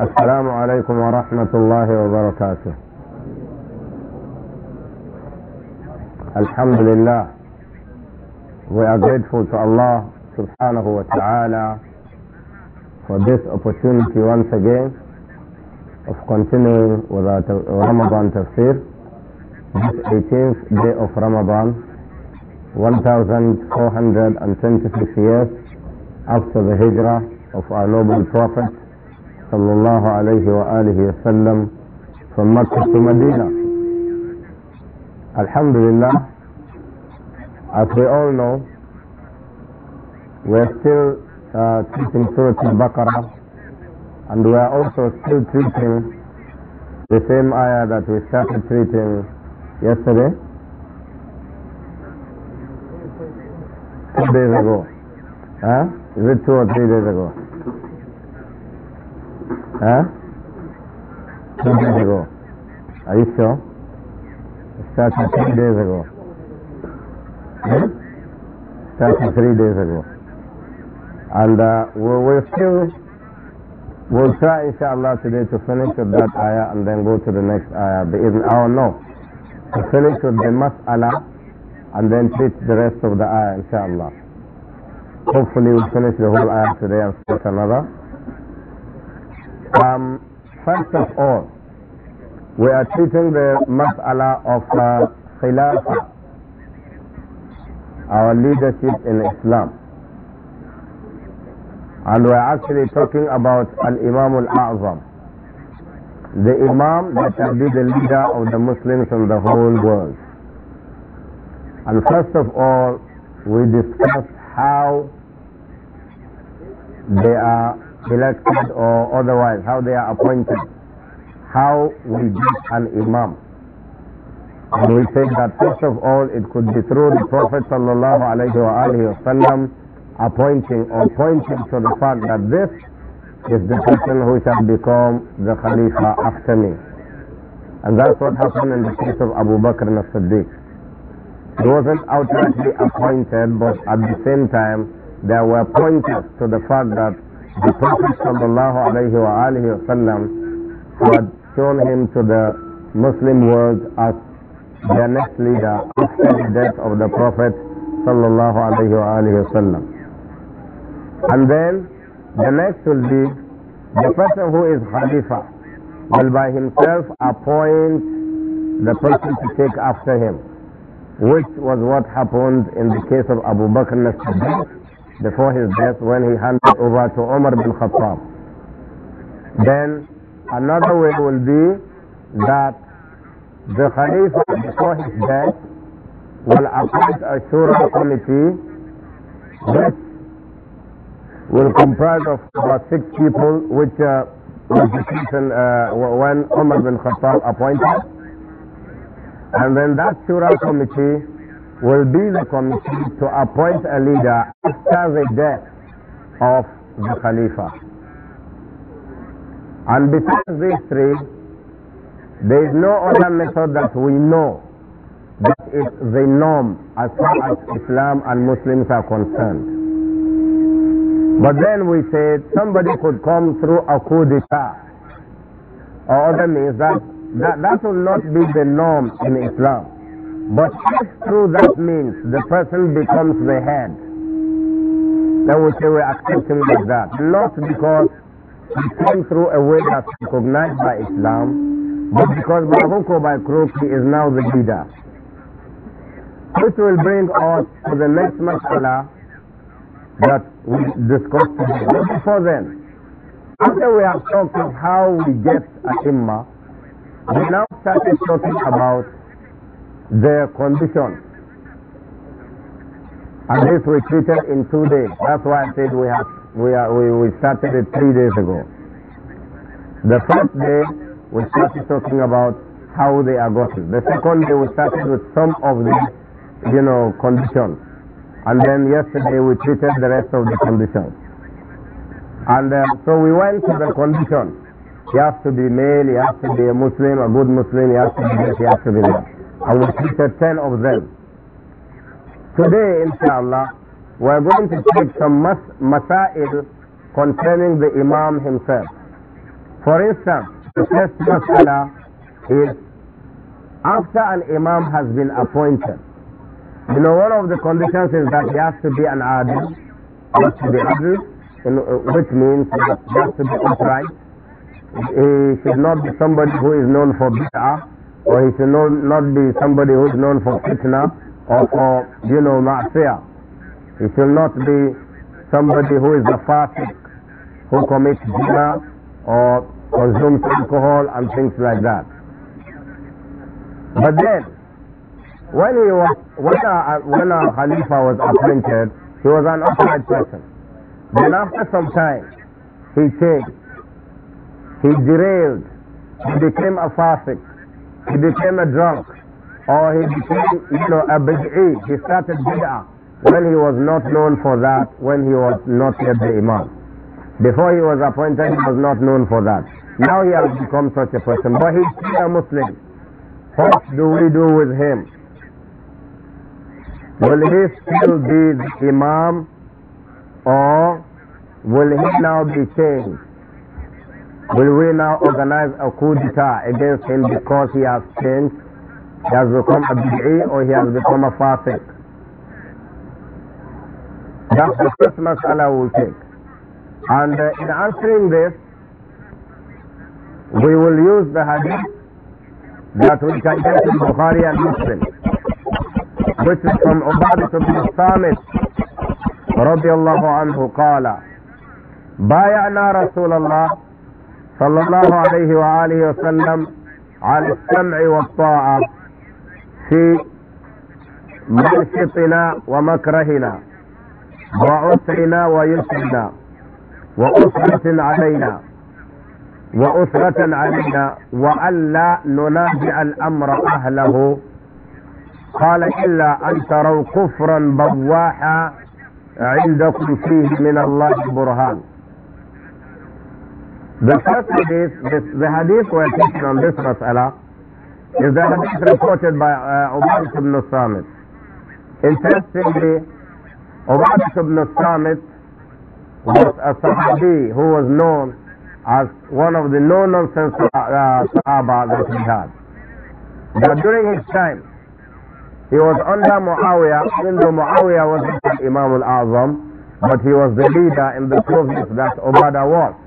السلام عليكم ورحمة الله وبركاته Alhamdulillah we are grateful to Allah subhanahu wa ta'ala for this opportunity once again of continuing with our Ramadan tafsir this 18th day of Ramadan 1426 years after the hijrah of our noble prophet from Mecca to Medina. Alhamdulillah, as we all know, we're still uh, teaching Surah Al-Baqarah and we are also still treating the same ayah that we started treating yesterday, two days ago. Huh? Is it two or three days ago? ¿Ah? Ten days ago. Are you sure? It started three days ago. Hmm? Started three days ago. And uh, we will still, we'll try inshallah today to finish with that ayah and then go to the next ayah. Even our no. To finish with the mas'ala and then teach the rest of the ayah inshallah. Hopefully we'll finish the whole ayah today and start another. Um, first of all, we are treating the mas'ala of uh, khilafah, our leadership in Islam. And we're actually talking about Al-Imam Al-A'zam, the Imam that shall be the leader of the Muslims in the whole world. And first of all, we discuss how they are elected or otherwise, how they are appointed, how we get an imam. And we said that first of all, it could be through the Prophet sallallahu wa sallam appointing or pointing to the fact that this is the person who shall become the Khalifa after me. And that's what happened in the case of Abu Bakr as-Siddiq. He wasn't outrightly appointed, but at the same time, there were pointers to the fact that the Prophet sallallahu alayhi wa alihi had shown him to the Muslim world as their next leader after the death of the Prophet sallallahu alayhi wa alihi And then the next will be the person who is Khalifa will by himself appoint the person to take after him, which was what happened in the case of Abu Bakr as-Siddiq before his death when he handed over to Umar bin Khattab. Then another way will be that the Khalifa before his death will appoint a Shura committee which will comprise of about six people which uh, was decision uh, when Umar bin Khattab appointed. And then that Shura committee will be the committee to appoint a leader after the death of the Khalifa. And besides these three, there is no other method that we know that is the norm as far as Islam and Muslims are concerned. But then we said somebody could come through a coup d'etat or other means that, that that will not be the norm in Islam. But if through that means the person becomes the head, then we say we accept him like that. Not because he came through a way that's recognized by Islam, but because by by crook he is now the leader. This will bring us to the next mas'ala that we discussed today. But before then, after we have talked of how we get a imma, we now started talking about their condition. And this we treated in two days. That's why I said we have we are we, we started it three days ago. The first day we started talking about how they are gotten. The second day we started with some of the you know conditions. And then yesterday we treated the rest of the conditions. And uh, so we went to the condition. He has to be male, he has to be a Muslim, a good Muslim, he has to be this, he has to be that. I will feature 10 of them. Today, inshallah, we are going to take some mas masail concerning the Imam himself. For instance, the first masala is after an Imam has been appointed. You know, one of the conditions is that he has to be an adil, he has to be adil, uh, which means that he has to be upright. He should not be somebody who is known for bid'ah or he should not, not be somebody who is known for fitna or for, you know, ma'siyah. He should not be somebody who is a fasik, who commits zina or consumes alcohol and things like that. But then, when he was, when a when a Khalifa was appointed, he was an upright person. Then after some time, he changed. He derailed. He became a fasik he became a drunk, or he became, you know, a big he started bid'ah, when he was not known for that, when he was not yet the imam. Before he was appointed, he was not known for that. Now he has become such a person, but he's still a Muslim. What do we do with him? Will he still be the imam, or will he now be changed? Will we now organize a coup d'etat against him because he has changed? He has become a bid'i or he has become a fasiq? That's the first mas'ala will take. And uh, in answering this, we will use the hadith that we can get in Bukhari and Muslim, which is from Ubadah ibn Samit, رضي الله عنه قال بايعنا رسول الله صلى الله عليه وآله وسلم على السمع والطاعة في منشطنا ومكرهنا وعسرنا ويسرنا وأسرة علينا وأسرة علينا وألا ننازع الأمر أهله قال إلا أن تروا كفرا بواحا عندكم فيه من الله برهان The first hadith, this, the hadith we're taking on this mas'ala, is the hadith reported by uh, Ubadah ibn Samit. Interestingly, Ubadah ibn Samit was a Sahabi who was known as one of the no-nonsense uh, Sahaba that he had. But during his time, he was under Muawiyah, even though Muawiyah was Imam al-Azam, but he was the leader in the province that Ubadah was.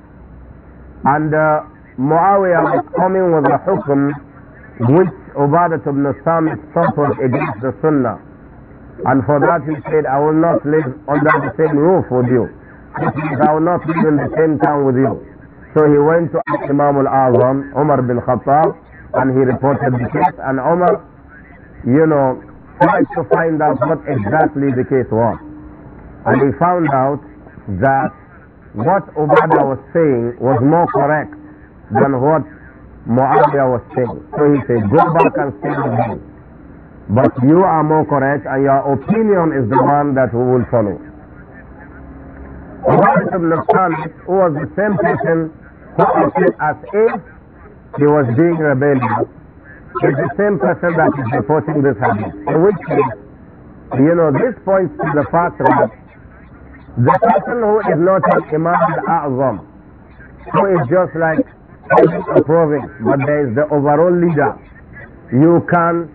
And uh, Muawiyah was coming with a hukum which Ubadat ibn Samit suffered against the Sunnah. And for that he said, I will not live under the same roof with you. I will not live in the same town with you. So he went to Imam al-Azam, Umar bin Khattab, and he reported the case. And Umar, you know, tried to find out what exactly the case was. And he found out that what Ubadah was saying was more correct than what Muawiyah was saying. So he said, go back and stay with him. But you are more correct and your opinion is the one that we will follow. Ubadah ibn Salih was the same person who as if he was being rebellious It's the same person that is reporting this hadith. In which case, you know, this points to the fact that the person who is not an Imam al-A'zam, who is just like a province, but there is the overall leader, you can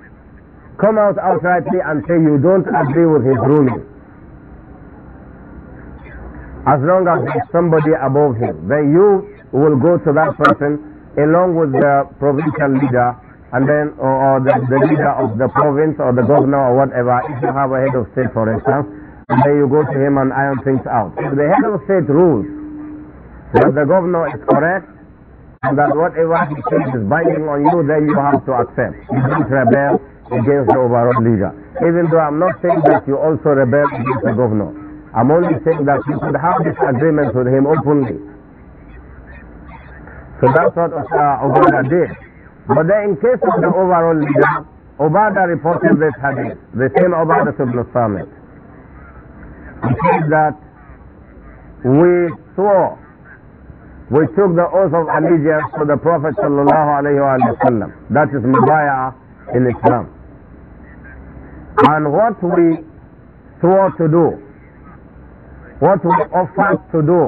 come out outrightly and say you don't agree with his ruling. As long as there's somebody above him, then you will go to that person along with the provincial leader and then or, or the, the, leader of the province or the governor or whatever, if you have a head of state for instance, and then you go to him and iron things out. If the head of state rules that the governor is correct and that whatever he says is binding on you, then you have to accept. You don't rebel against the overall leader. Even though I'm not saying that you also rebel against the governor. I'm only saying that you could have disagreements with him openly. So that's what uh, Obada did. But then in case of the overall leader, Obada reported this hadith, the same Obada ibn Samit. He said that we swore, we took the oath of allegiance to the Prophet sallallahu alayhi wa That is mubaya in Islam. And what we swore to do, what we offered to do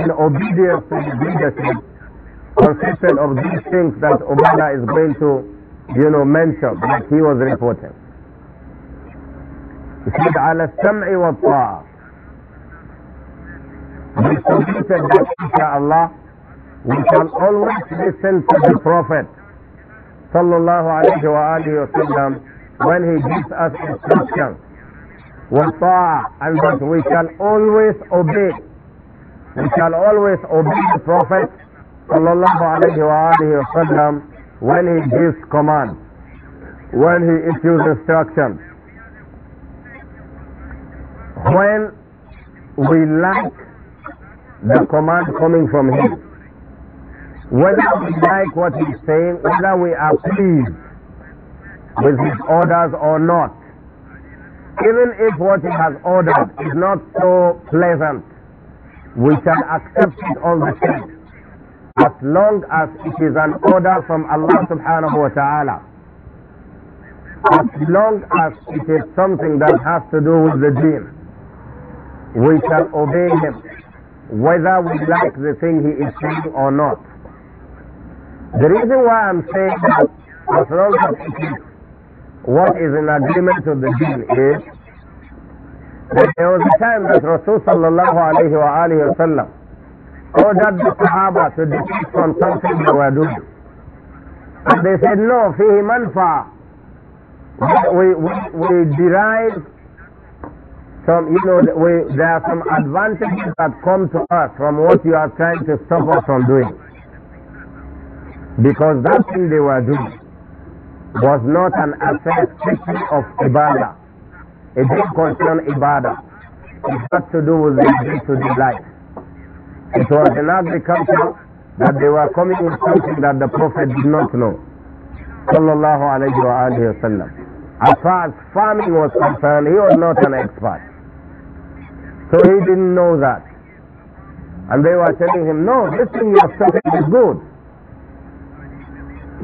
in obedience to the leadership consisted of these things that Obama is going to, you know, mention that he was reporting. يشهد على السمع والطاعة We submitted that inshaAllah we shall always listen to the Prophet sallallahu alayhi wa alihi wasallam when he gives us instructions and that we shall always obey we shall always obey the Prophet sallallahu alayhi wa alihi wasallam when he gives command when he issues instructions when we like the command coming from him, whether we like what he's saying, whether we are pleased with his orders or not, even if what he has ordered is not so pleasant, we shall accept it all the same, as long as it is an order from Allah subhanahu wa ta'ala. As long as it is something that has to do with the deen we shall obey him whether we like the thing he is saying or not. The reason why I'm saying that as long as it is what is in agreement with the deen is that there was a time that Rasul sallallahu alayhi wa alayhi wa sallam ordered the Sahaba to desist from something they were doing. And they said, no, fihi manfa. We, we, we derive some, you know, we, there are some advantages that come to us from what you are trying to stop us from doing. Because that thing they were doing was not an affair of Ibadah. It didn't concern Ibadah. It had to do with their day-to-day life. It was an agriculture that they were coming with something that the Prophet did not know. Sallallahu alayhi wa As far as farming was concerned, he was not an expert. So he didn't know that. And they were telling him, no, this thing you are starting is good.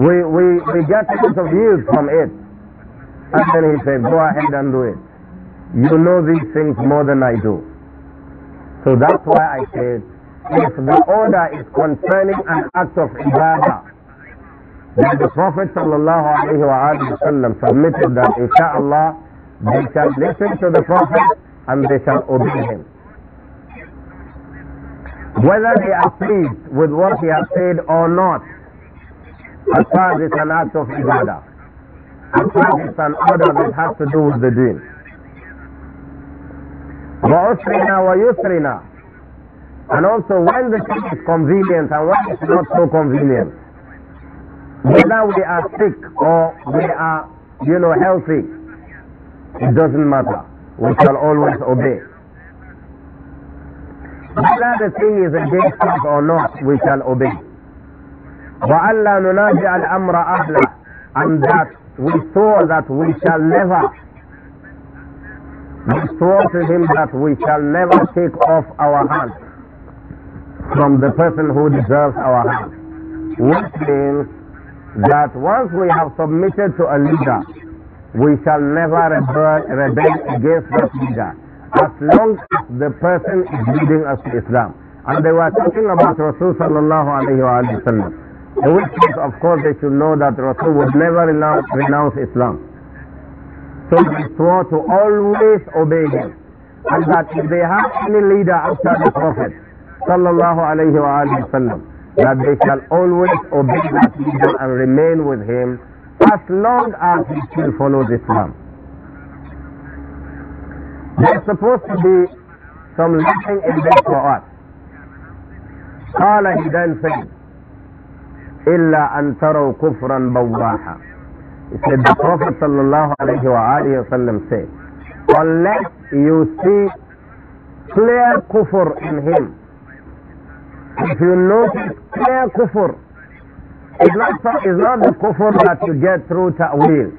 We, we, we get lots of use from it. And then he said, go ahead and do it. You know these things more than I do. So that's why I said, if the order is concerning an act of ibadah, then the Prophet ﷺ submitted that, Allah, they shall listen to the Prophet and they shall obey him. Whether they are pleased with what he has said or not, At times it's an act of ibadah, At times it's an order that has to do with the deen. وَأُسْرِنَا وَيُسْرِنَا And also when the thing is convenient and when it's not so convenient, whether we are sick or we are, you know, healthy, it doesn't matter we shall always obey. Whether the thing is against us or not, we shall obey. وَأَلَّا نُنَاجِعَ And that we swore that we shall never we swore to him that we shall never take off our hands from the person who deserves our hands. Which means that once we have submitted to a leader, we shall never rebel against that leader as long as the person is leading us to Islam. And they were talking about Rasul sallallahu alayhi wa sallam. of course, they should know that Rasul would never renounce Islam. So they swore to always obey him. And that if they have any leader after the Prophet sallallahu alayhi wa sallam, that they shall always obey that leader and remain with him as long as he still follows Islam. There's supposed to be some lesson in this for us. قال he then said, إلا أن تروا كفرا بواحا. He said, the Prophet sallallahu الله عليه وآله وسلم said, unless you see clear kufr in him, if you notice clear kufr it's not, it's not the kufr that you get through ta'wil.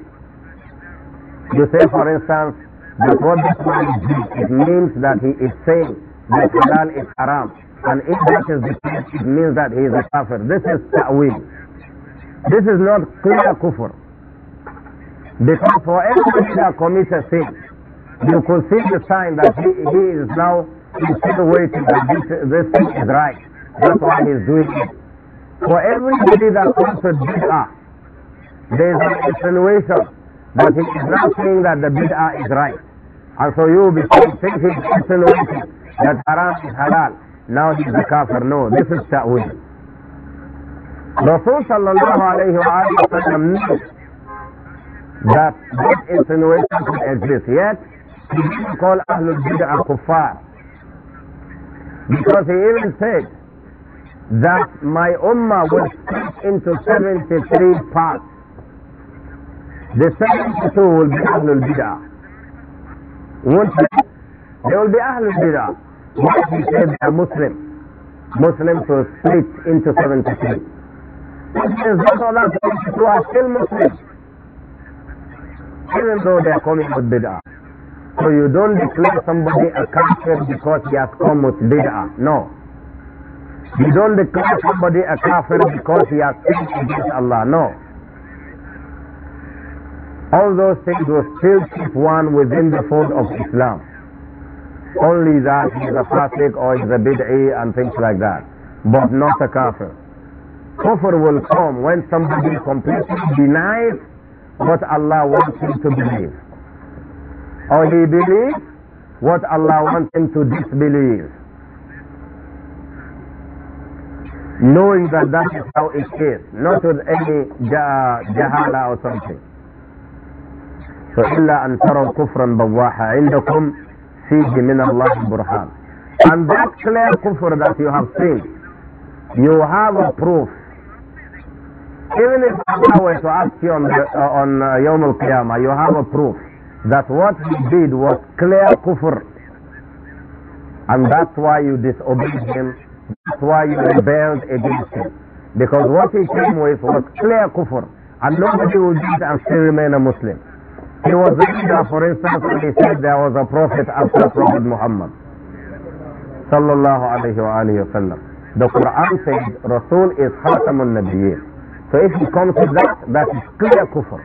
You say, for instance, that what this man it means that he is saying that halal is haram. And if that is the case, it means that he is a kafir. This is ta'wil. This is not clear kufr. Because for everybody that commits a sin, you could see the sign that he, he is now insinuating that this, this thing is right. That's why he is doing it. For everybody that calls it bid'ah, there is an insinuation that he is not saying that the bid'ah is right. And so you, before you think he's insinuating that haram is halal, now he's a kafir. No, this is ta'wil. Rasul sallallahu alayhi wa sallam knew that this insinuation could exist. Yet, he didn't call Ahlul Bid'ah kuffar. Because he even said, that my ummah was split into 73 parts. The 72 will be Ahlul Bid'ah. Won't they? They will be Ahlul Bid'ah. Why he say they are Muslim. Muslims were split into 73. Is not all that 72 are still Muslims. Even though they are coming with Bid'ah. So you don't declare somebody a kafir because he has come with Bid'ah. No. You don't declare somebody a kafir because he has sinned against Allah. No. All those things will still keep one within the fold of Islam. Only that is a fasiq or is a bid'i and things like that. But not a kafir. Kufr will come when somebody completely denies what Allah wants him to believe. Or he believes what Allah wants him to disbelieve. knowing that that is how it is, not with any jahala or something. So إلا أن تروا كفرا بواحا عندكم فيه من الله برهان. And that clear kufr that you have seen, you have a proof. Even if Allah were to ask you on, the, uh, on uh, Yawm al-Qiyamah, you have a proof that what he did was clear kufr. And that's why you disobeyed him that's why you rebelled against him. Because what he came with was clear kufr. And nobody would do it and still remain a Muslim. He was the leader, for instance, when he said there was a prophet after Prophet Muhammad. Sallallahu alayhi wa alayhi wa sallam. The Quran says Rasul is Khatamun Nabiyyin. So if he comes with that, that is clear kufr.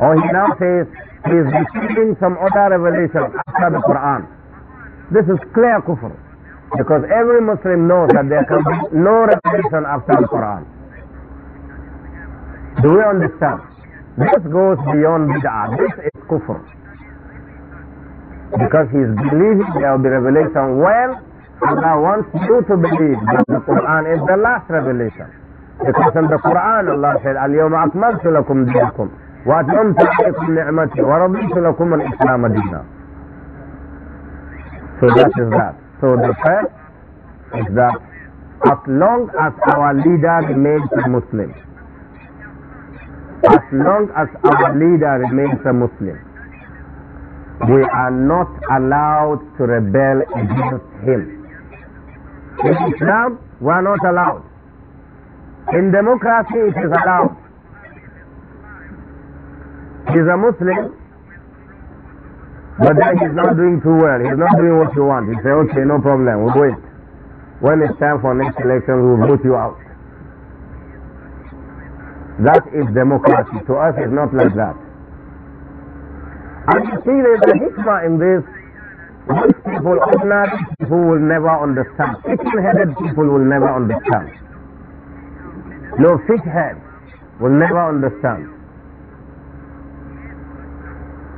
Or he now says he is receiving some other revelation after the Quran. This is clear kufr. Because every Muslim knows that there can be no revelation after the Quran. Do we understand? This goes beyond bid'ah. This is kufr. Because he is believing there will be revelation. Well, Allah wants you to believe that the Quran is the last revelation. Because in the Quran Allah said, اليوم wa لكم دينكم وأتممت عليكم نعمتي ورضيت لكم الإسلام دينا. So that is that. So the first is that as long as our leader remains a Muslim, as long as our leader remains a Muslim, we are not allowed to rebel against him. In Islam, we are not allowed. In democracy, it is allowed. He is a Muslim, but then he's not doing too well. He's not doing what you want. He's say, okay, no problem, we'll wait. When it's time for next election, we'll vote you out. That is democracy. To us, it's not like that. And you see, there's a hikmah in this Most people, ordinary people, will never understand. Chicken-headed people will never understand. No fish head will never understand.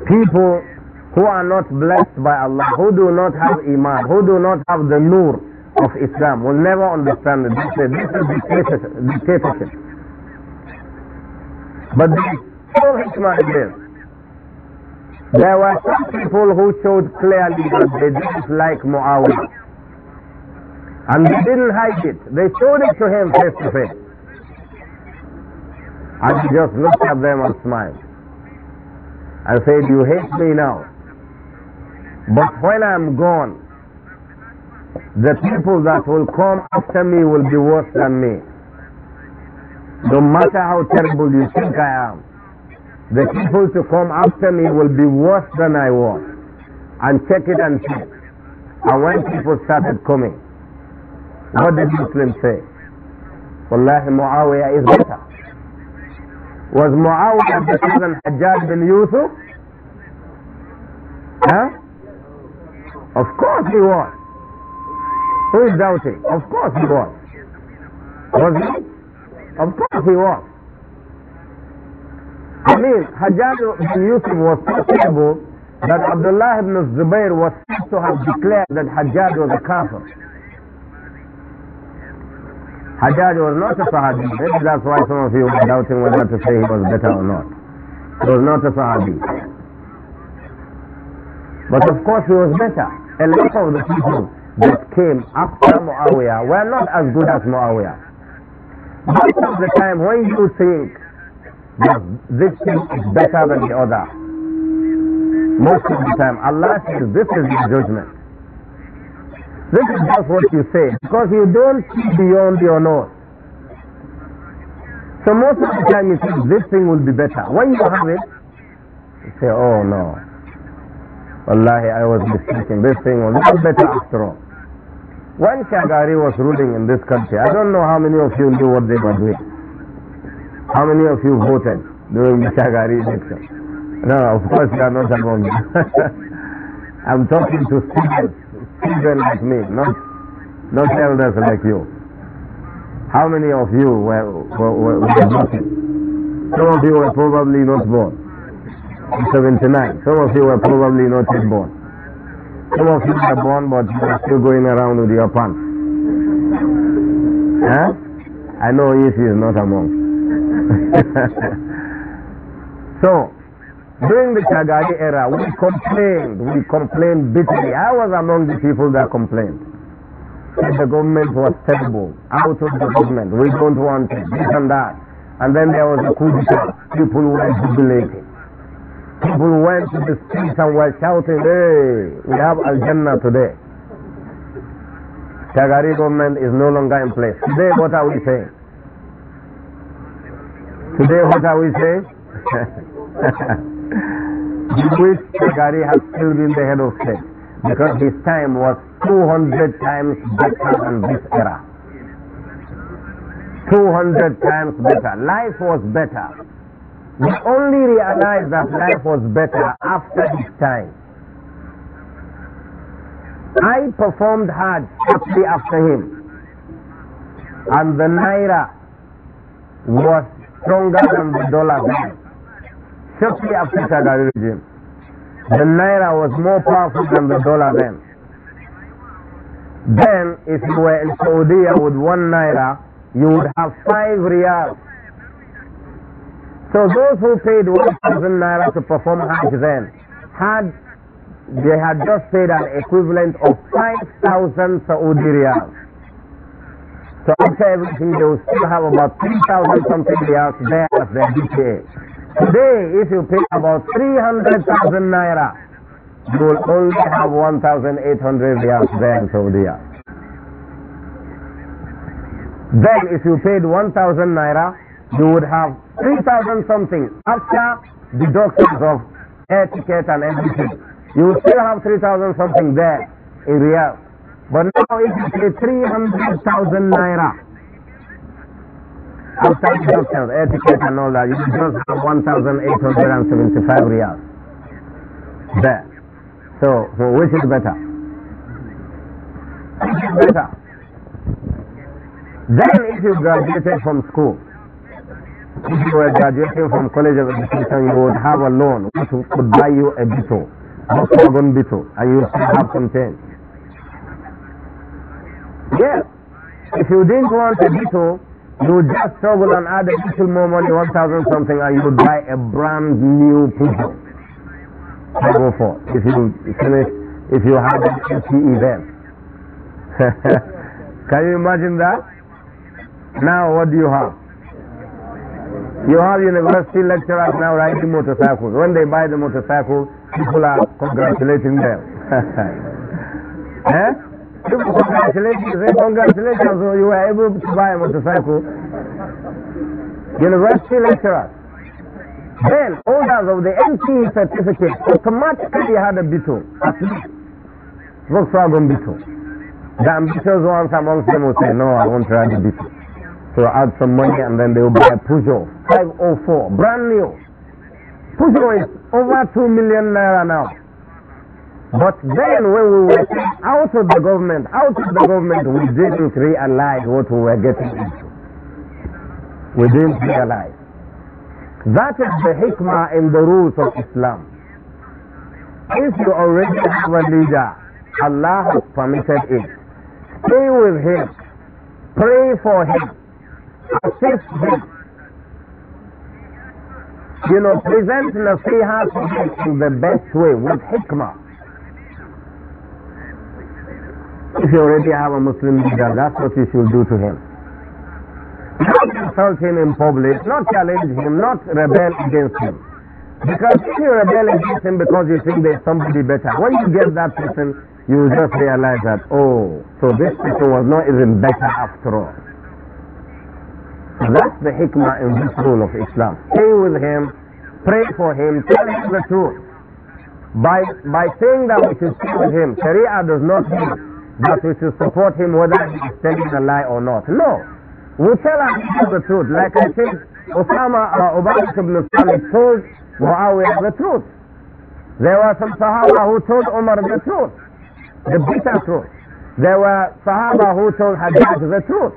People who are not blessed by Allah, who do not have Iman, who do not have the nur of Islam, will never understand it. This, this is dictatorship. But the whole hikmah is there. There were some people who showed clearly that they didn't like Muawiyah. And they didn't hide it. They showed it to him face to face. And he just looked at them and smiled. And said, you hate me now. But when I'm gone, the people that will come after me will be worse than me. No matter how terrible you think I am, the people to come after me will be worse than I was. And check it and see. And when people started coming, what did Muslims say? Wallahi Muawiyah is better. Was Muawiyah better than Hajjaj bin Yusuf? Huh? Of course he was. Who is doubting? Of course he was. Was he? Of course he was. I mean, Hajjaj bin Yusuf was so terrible that Abdullah ibn Zubayr was said to have declared that Hajjaj was a kafir. Hajjaj was not a Sahabi. Maybe that's why some of you were doubting whether to say he was better or not. He was not a Sahabi. But of course he was better a lot of the people that came after Muawiyah were not as good as Muawiyah. Most of the time when you think that this thing is better than the other, most of the time Allah says this is the judgment. This is just what you say because you don't see beyond your nose. So most of the time you think this thing will be better. When you have it, you say, oh no, Wallahi, I was mistaken. This thing was little better after all. When Shagari was ruling in this country, I don't know how many of you knew what they were doing. How many of you voted during the Shagari election? No, of course you are not among them. I'm talking to students, students like me, not, not elders like you. How many of you were, were, were, were Some of you were probably not born. 79. Some of you were probably not yet born. Some of you are born, but you are still going around with your pants. Huh? I know if he is not among. so, during the Shagari era, we complained. We complained bitterly. I was among the people that complained. That the government was terrible. Out of the government. We don't want it. This and that. And then there was a coup d'etat. People were jubilating. People went to the streets and were shouting, hey, we have Al Jannah today. Tagari government is no longer in place. Today, what are we saying? Today, what are we saying? Which Tagari has still been the head of state because his time was 200 times better than this era. 200 times better. Life was better. We only realized that life was better after this time. I performed hard shortly after him, and the Naira was stronger than the dollar then. Shortly after that regime, the Naira was more powerful than the dollar then. Then, if you were in Saudi with one Naira, you would have five riyals so those who paid 1,000 naira to perform Hajj then had they had just paid an equivalent of 5,000 Saudi riyals. So after everything, they will still have about 3,000 something riyals there as their DTA. Today, if you pay about 300,000 naira, you will only have 1,800 riyals there in Saudi Arabia. Then, if you paid 1,000 naira, you would have 3,000 something after deductions of etiquette and everything. You still have 3,000 something there in real. But now it is 300,000 naira. After deductions, etiquette and all that, you just have 1,875 real there. So, which is better? Which is better? Then if you graduated from school, if you were graduating from College of Education, you would have a loan which could buy you a beetle, a carbon bito, and you still have some change. Yes. If you didn't want a bito, you would just struggle and add a little more money, 1,000 something, and you would buy a brand new beetle to go for if you finish, if you had a MTE event. Can you imagine that? Now what do you have? You have university lecturers now riding motorcycles. When they buy the motorcycle, people are congratulating them. eh? People congratulating, say congratulations, so you were able to buy a motorcycle. University lecturers. Then, holders of the MTE certificate automatically had a Beetle, at least Volkswagen Beetle. The ambitious ones amongst them will say, no, I won't ride the Beetle throw out some money and then they'll buy a Peugeot 504, brand new. Peugeot is over 2 million naira now. But then when we were out of the government, out of the government, we didn't realize what we were getting into. We didn't realize. That is the hikmah in the rules of Islam. If you already have a leader, Allah has permitted it. Stay with him. Pray for him assist You know, present nasiha to them in the best way, with hikmah. If you already have a Muslim leader, that's what you should do to him. Not insult him in public, not challenge him, not rebel against him. Because if you rebel against him because you think there's somebody better, when you get that person, you just realize that, oh, so this person was not even better after all. So that's the hikmah in this rule of Islam. Stay with him, pray for him, tell him the truth. By, by saying that we should stay with him, Sharia does not mean that we should support him whether he is telling a lie or not. No. We tell him the truth. Like I said, Osama uh, Ubarak ibn Salih told Muawiyah the truth. There were some Sahaba who told Umar the truth, the bitter truth. There were Sahaba who told Hajjaj the truth.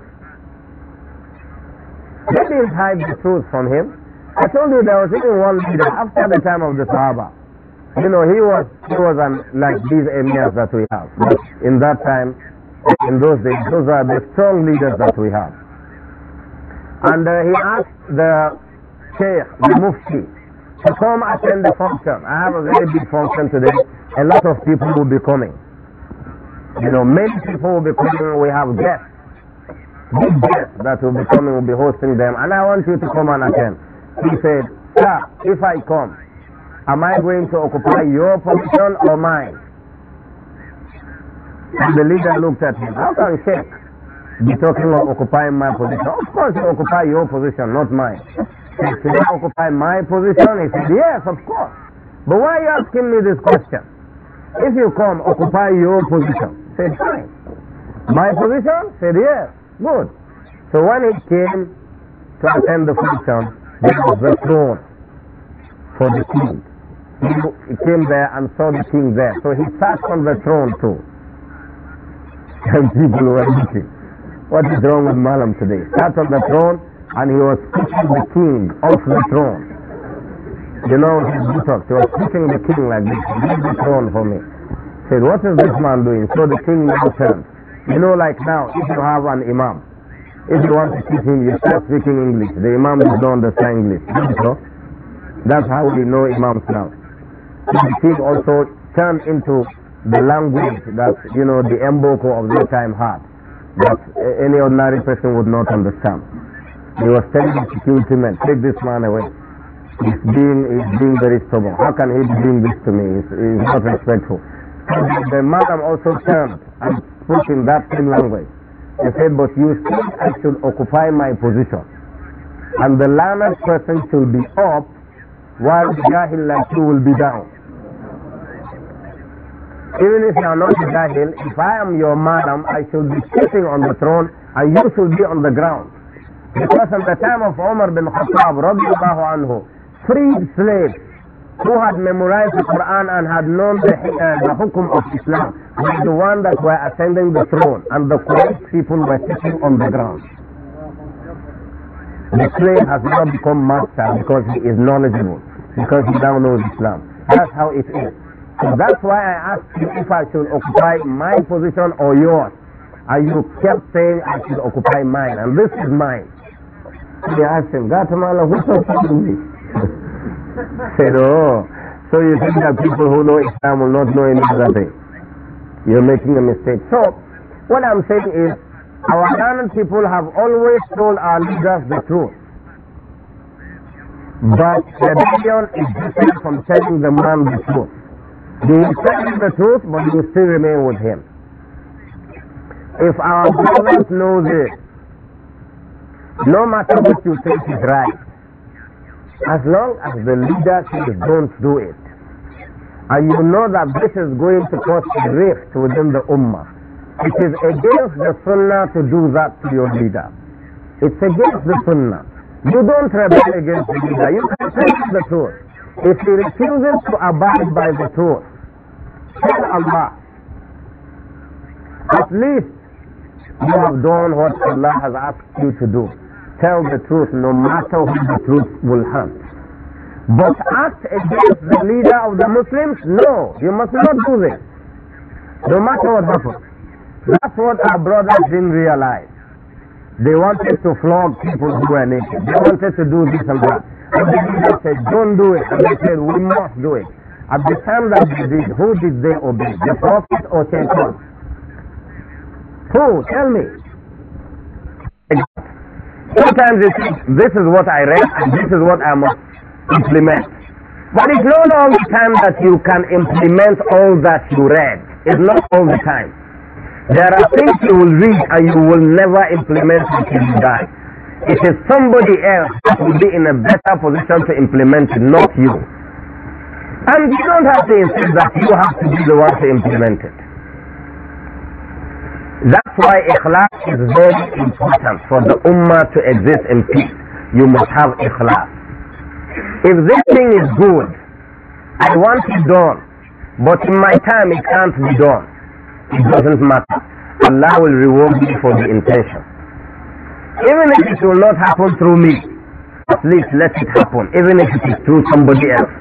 They didn't hide the truth from him. I told you there was even one leader after the time of the Sahaba. You know, he was he was like these emirs that we have. But in that time, in those days, those are the strong leaders that we have. And uh, he asked the Sheikh, the Mufti, to come attend the function. I have a very big function today. A lot of people will be coming. You know, many people will be coming. We have guests big guest that will be coming will be hosting them, and I want you to come and attend. He said, Sir, if I come, am I going to occupy your position or mine? And the leader looked at him, How can Sheikh be talking of occupying my position? Of course, you occupy your position, not mine. Should I occupy my position? He said, Yes, of course. But why are you asking me this question? If you come, occupy your position. Said, Fine. My position? Said, Yes. Good. So when he came to attend the function, there was the throne for the king. He came there and saw the king there. So he sat on the throne too. And people were looking. What is wrong with Malam today? Sat on the throne and he was pushing the king off the throne. You know, his bishop, he was pushing the king like this. Leave the throne for me. He said, what is this man doing? So the king now turned. You know, like now, if you have an imam, if you want to teach him, you start speaking English. The imam don't understand English. So, that's how we know imams now. The team also turn into the language that, you know, the Mboko of their time had, that any ordinary person would not understand. He was telling the security men, take this man away. He's being, he's being very stubborn. How can he be doing this to me? He's, he's not respectful. So the madam also turned I'm in that same language. He said, but you said I should occupy my position. And the learned person should be up while the jahil like you will be down. Even if you are not a jahil, if I am your madam, I should be sitting on the throne and you should be on the ground. Because in the time of Umar bin Khattab, radiallahu anhu, freed slaves who had memorized the Quran and had known the, uh, the hukum of Islam was the one that were ascending the throne and the Quraysh people were sitting on the ground. The slave has now become master because he is knowledgeable, because he now knows Islam. That's how it is. So that's why I asked you if I should occupy my position or yours. And you kept saying I should occupy mine, and this is mine. So I asked him, Gatamala, what's up with me? Say, So you think that people who know Islam will not know any other thing. You're making a mistake. So, what I'm saying is, our learned people have always told our leaders the truth. But rebellion is different from telling the man the truth. You tell him the truth, but you still remain with him. If our government knows this, no matter what you think is right, as long as the leader don't do it. And you know that this is going to cause rift within the ummah. It is against the sunnah to do that to your leader. It's against the sunnah. You don't rebel against the leader. You can tell the truth. If he refuses to abide by the truth, tell Allah. At least you have done what Allah has asked you to do. Tell the truth no matter who the truth will hurt. But act against the leader of the Muslims? No, you must not do this. No matter what happens. That's what our brothers didn't realize. They wanted to flog people who were naked. They wanted to do this and that. And the leader said, don't do it. And they said, we must do it. At the time that they did, who did they obey? The Prophet or Shaitan? Who? Tell me. Sometimes this is what I read and this is what I must implement. But it's no long time that you can implement all that you read. It's not all the time. There are things you will read and you will never implement until you die. It is somebody else that will be in a better position to implement it, not you. And you don't have to insist that you have to be the one to implement it. That's why ikhlas is very important for the ummah to exist in peace. You must have ikhlas. If this thing is good, I want it done, but in my time it can't be done. It doesn't matter. Allah will reward me for the intention. Even if it will not happen through me, at least let it happen, even if it is through somebody else.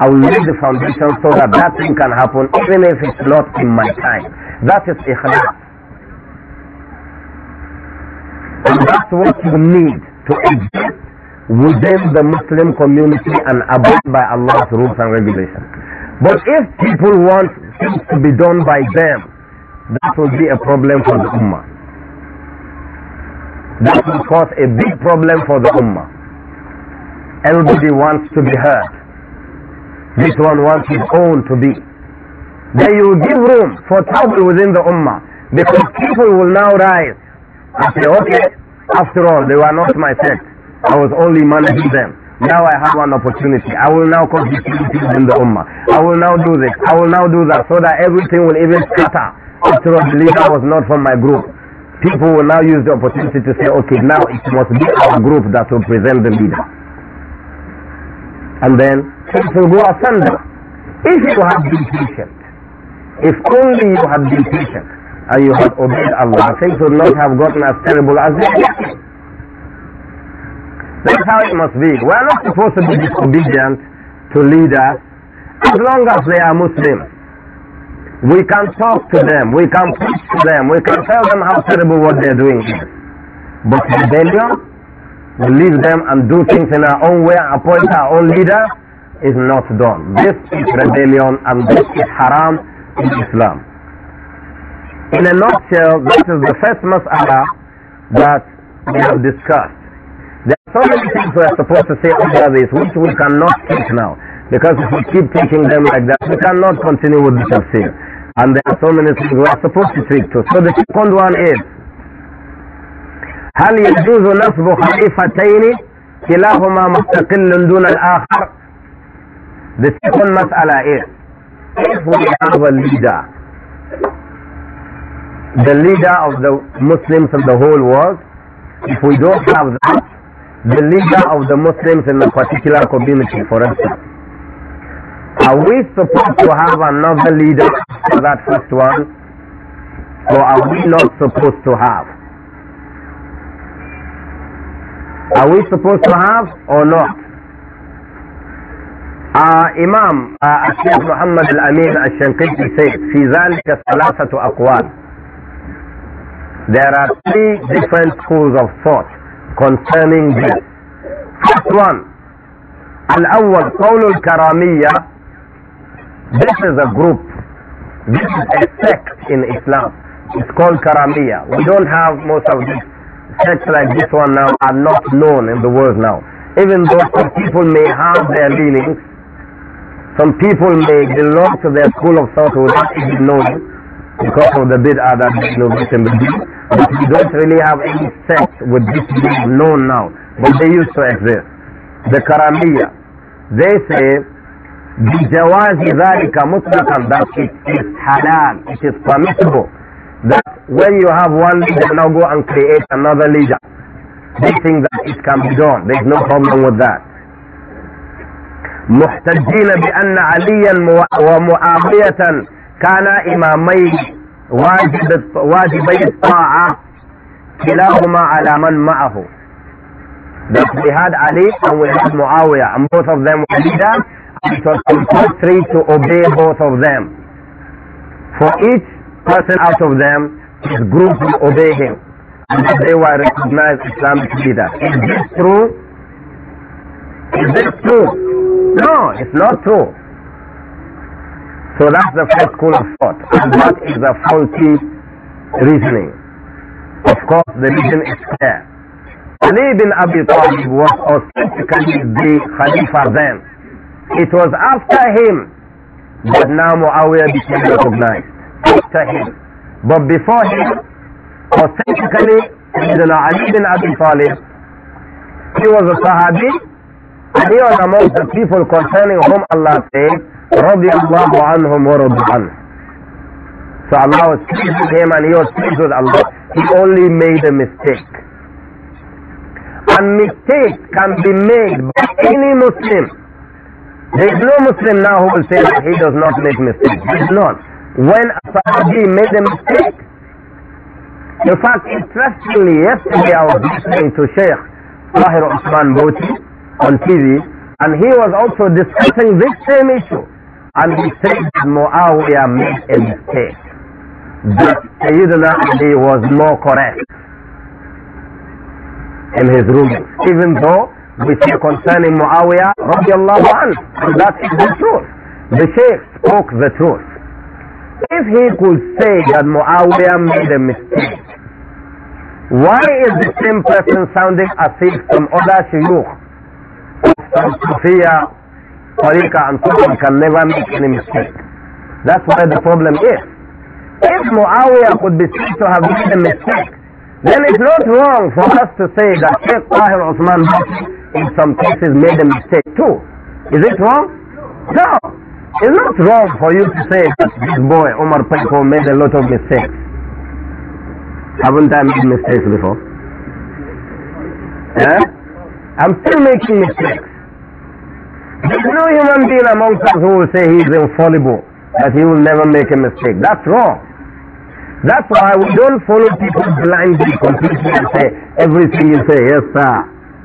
I will lay the foundation so that that thing can happen, even if it's not in my time. That is ikhlas. And that's what you need to exist within the Muslim community and abide by Allah's rules and regulations. But if people want things to be done by them, that will be a problem for the Ummah. That will cause a big problem for the Ummah. Everybody wants to be heard. This one wants his own to be. Then you will give room for trouble within the Ummah because people will now rise I say, okay, after all, they were not my sect. I was only managing them. Now I have one opportunity. I will now constitute in the Ummah. I will now do this. I will now do that so that everything will even scatter. After all, the leader was not from my group. People will now use the opportunity to say, okay, now it must be our group that will present the leader. And then things will go asunder. If you have been patient, if only you have been patient, and you had obeyed Allah, things would not have gotten as terrible as they did. That's how it must be. We are not supposed to be disobedient to leaders as long as they are Muslims. We can talk to them, we can preach to them, we can tell them how terrible what they're doing is. But rebellion, we leave them and do things in our own way, appoint our own leader, is not done. This is rebellion and this is haram in Islam. In a nutshell, this is the first mas'ala that we have discussed. There are so many things we are supposed to say under this, which we cannot take now. Because if we keep taking them like that, we cannot continue with the tafsir. And there are so many things we are supposed to take to. So the second one is, هل يجوز نصب خليفتين كلاهما مستقل دون الآخر The second mas'ala is, if we have a leader the leader of the Muslims in the whole world, if we don't have that, the leader of the Muslims in a particular community, for instance, are we supposed to have another leader for that first one, or are we not supposed to have? Are we supposed to have or not? Uh, Imam uh, Sheikh Muhammad Al-Amin al shankiti said, في ذلك ثلاثة أقوال there are three different schools of thought concerning this. First one, Al-Awwal, Qawl al This is a group, this is a sect in Islam. It's called karamiya. We don't have most of these sects like this one now are not known in the world now. Even though some people may have their leanings, some people may belong to their school of thought without even knowing because of the bid'ah that innovation will But we don't really have any sect with this being known now, but they used to exist. The Karamiya, they say, بجواز ذلك مطلقا that it is halal, it is permissible that when you have one leader now go and create another leader. They think that it can be done. There is no problem with that. محتجين بأن عليا ومعاوية كان إمامي واجب واجبي الطاعة كلاهما على من معه that we had Ali and we had Muawiyah and both of them were leaders it was compulsory to obey both of them for each person out of them his group will obey him and they were recognized Islamic leaders is this true? is this true? no it's not true so that's the first school of thought. And that is a faulty reasoning. Of course, the reason is clear. Ali bin Abi Talib was authentically the Khalifa then. It was after him that now Muawiyah became recognized. After him. But before him, authentically, Sayyidina Ali bin Abi Talib, he was a Sahabi, and he was among the people concerning whom Allah says. رضي الله عنهم ورضوا عنه. So Allah was pleased with him and he was pleased with Allah. He only made a mistake. And mistake can be made by any Muslim. There is no Muslim now who will say that he does not make mistakes. He does not. When a Sahaji made a mistake, in fact, interestingly, yesterday I was listening to Shaykh Tahir Osman Bhoti on TV, and he was also discussing this same issue. And he said that Muawiyah made a mistake. That Sayyidina Ali was more correct in his ruling. Even though we say concerning Muawiyah radiallahu anhu, that is the truth. The Shaykh spoke the truth. If he could say that Muawiyah made a mistake, why is the same person sounding as if some other shuyukh, some Sufiya طريقة and طريقة can never make any mistake. That's where the problem is. If Muawiyah could be said to have made a mistake, then it's not wrong for us to say that Sheikh Tahir Osman in some cases made a mistake too. Is it wrong? No. It's not wrong for you to say that this boy, Omar Paiko, made a lot of mistakes. Haven't I made mistakes before? Yeah, I'm still making mistakes. There's no human being amongst us who will say he is infallible, that he will never make a mistake. That's wrong. That's why we don't follow people blindly, completely and say everything you say, yes sir,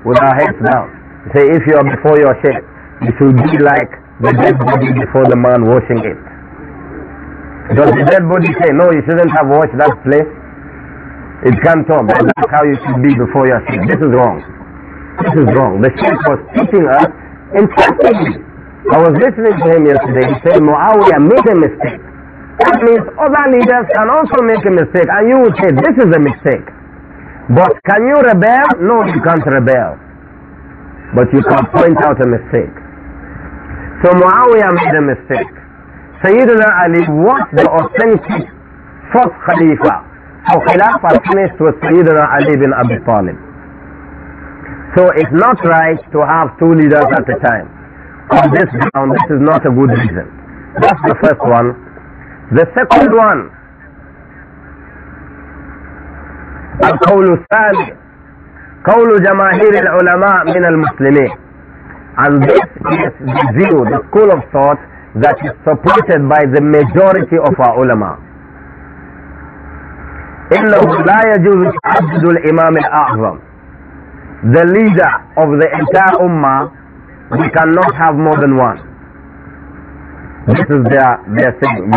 with our heads down. say if you are before your shape, you should be like the dead body before the man washing it. Does the dead body say, no, you shouldn't have washed that place? It can't talk, but that's how you should be before your shape. This is wrong. This is wrong. The shape was teaching us Interestingly, I was listening to him yesterday. He said, Muawiyah made a mistake. That means other leaders can also make a mistake, and you would say, This is a mistake. But can you rebel? No, you can't rebel. But you can point out a mistake. So Muawiyah made a mistake. Sayyidina Ali was the authentic fourth Khalifa. So Khilafah finished with Sayyidina Ali bin Abi Talib. So it's not right to have two leaders at a time. On this ground, this is not a good reason. That's the first one. The second one, القول الثاني قول جماهير العلماء من المسلمين and this is the view, the school of thought that is supported by the majority of our ulama. إنه لا يجوز تعدد الإمام الأعظم the leader of the entire ummah, we cannot have more than one. This is their, their saying.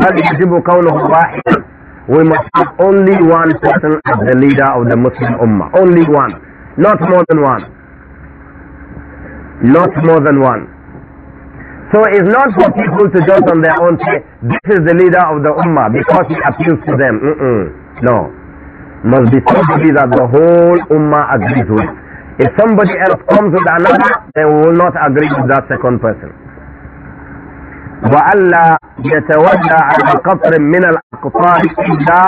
We must have only one person as the leader of the Muslim ummah. Only one. Not more than one. Not more than one. So it's not for people to judge on their own say, this is the leader of the ummah because he appeals to them. Mm -mm. No. Must be so that the whole ummah agrees with. If somebody else comes with another, they will not agree with that second person. وألا يتولى على قطر من الأقطار إلا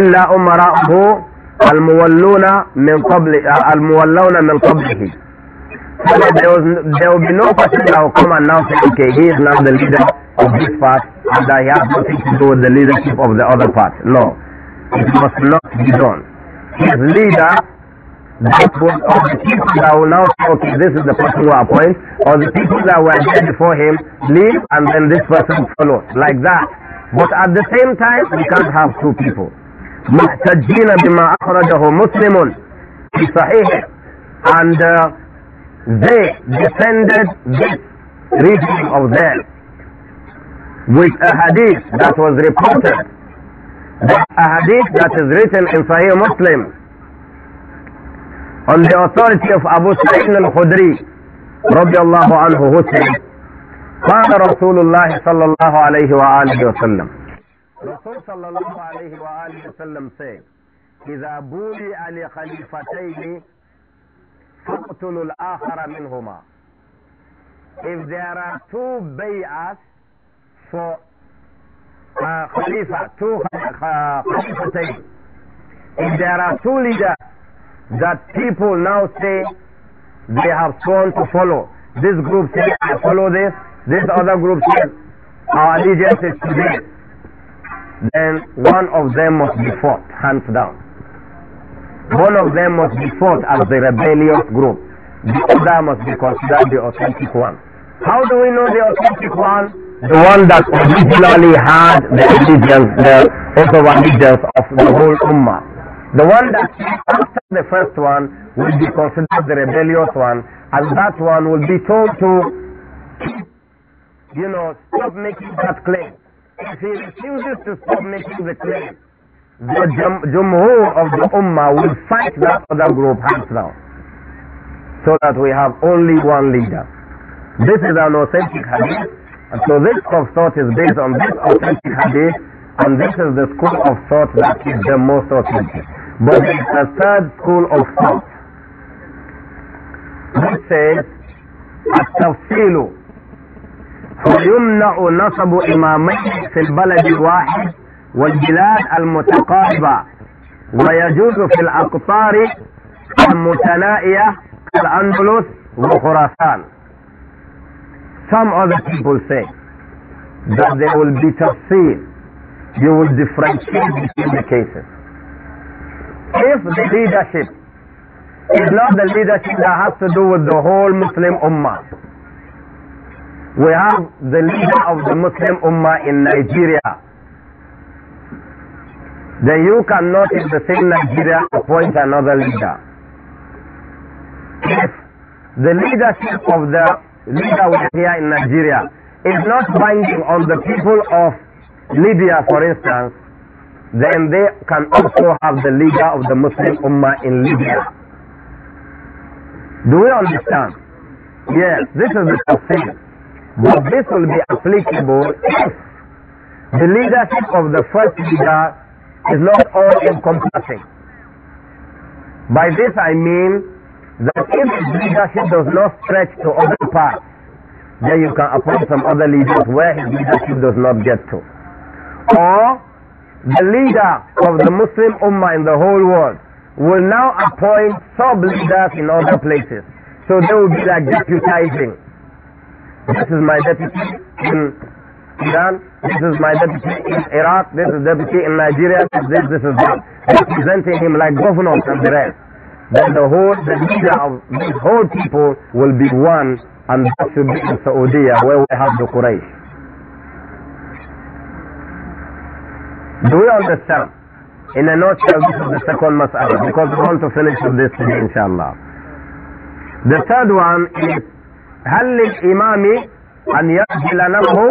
إلا أمراءه المولون من قبل المولون من قبله So there, was, there will be no person that will come and now say, okay, he is now the leader of this part, and that he has nothing to do with the leadership of the other part. No it must not be done. His leader, that was of the people that will now say, okay, this is the person who appoints, or the people that were there before him leave and then this person follows, like that. But at the same time, we can't have two people. محتجين بما أخرجه مسلم في صحيحه and uh, they defended this reasoning of theirs with a hadith that was reported the hadith that is written in Sahih Muslim on the authority of Abu Sa'id al-Khudri رضي الله عنه وسلم, said قال رسول الله صلى الله عليه وآله وسلم رسول صلى الله عليه وآله وسلم said إذا بولي لخليفتين فاقتلوا الآخر منهما If there are two bay'ahs for uh, khalifa, two uh, khalifatain, if there are two leaders that people now say they have sworn to follow, this group says I follow this, this other group says our allegiance is to this, then one of them must be fought, hands down. One of them must be fought as the rebellious group. The other must be considered the authentic one. How do we know the authentic one? the one that originally had the allegiance, the oath of allegiance of the whole ummah. The one that after the first one will be considered the rebellious one, and that one will be told to, you know, stop making that claim. If he refuses to stop making the claim, the jum- jumhur of the ummah will fight that other group hands down so that we have only one leader. This is an authentic hadith and so this of thought is based on this authentic hadith, and this is the school of thought that is the most authentic. But it's a third school of thought which says, التفصيل فيمنع نصب إمامين في البلد الواحد والبلاد المتقاربة ويجوز في الأقطار المتنائية كالأندلس وخراسان some other people say that there will be tafsir. You will differentiate between the cases. If the leadership is not the leadership that has to do with the whole Muslim Ummah, we have the leader of the Muslim Ummah in Nigeria. Then you cannot, in the same Nigeria, appoint another leader. If the leadership of the leader we here in Nigeria is not binding on the people of Libya, for instance, then they can also have the leader of the Muslim Ummah in Libya. Do we understand? Yes, this is the tafsir. But this will be applicable if the leadership of the first leader is not all encompassing. By this I mean that if leadership does not stretch to other parts, then you can appoint some other leaders where his leadership does not get to. Or the leader of the Muslim Ummah in the whole world will now appoint sub-leaders in other places. So they will be like deputizing. This is my deputy in Iran, this is my deputy in Iraq, this is deputy in Nigeria, this, this is that. Representing him like governors and the rest then the whole, the leader of these whole people will be one, and that should be in Saudi where we have the Quraysh. Do we understand? In a nutshell, this is the second mas'ala, because we want to finish with this today, inshallah. The third one is, هل Imami and يرجل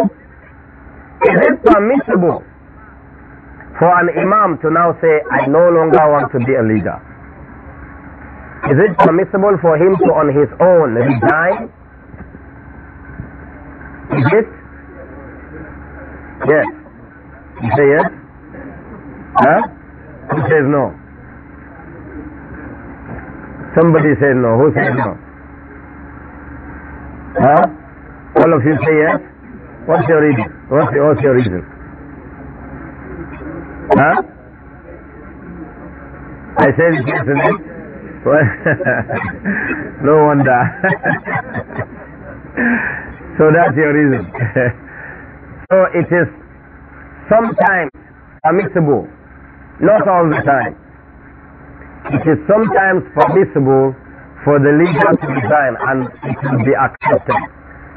Is it permissible for an imam to now say, I no longer want to be a leader? Is it permissible for him to on his own resign? Is it? Yes. You say yes? Huh? Who says no? Somebody says no. Who says no? Huh? All of you say yes? What's your reason? What's your, what's your reason? Huh? I said yes and no wonder. so that's your reason. so it is sometimes permissible, not all the time. It is sometimes permissible for the leader to resign and it will be accepted.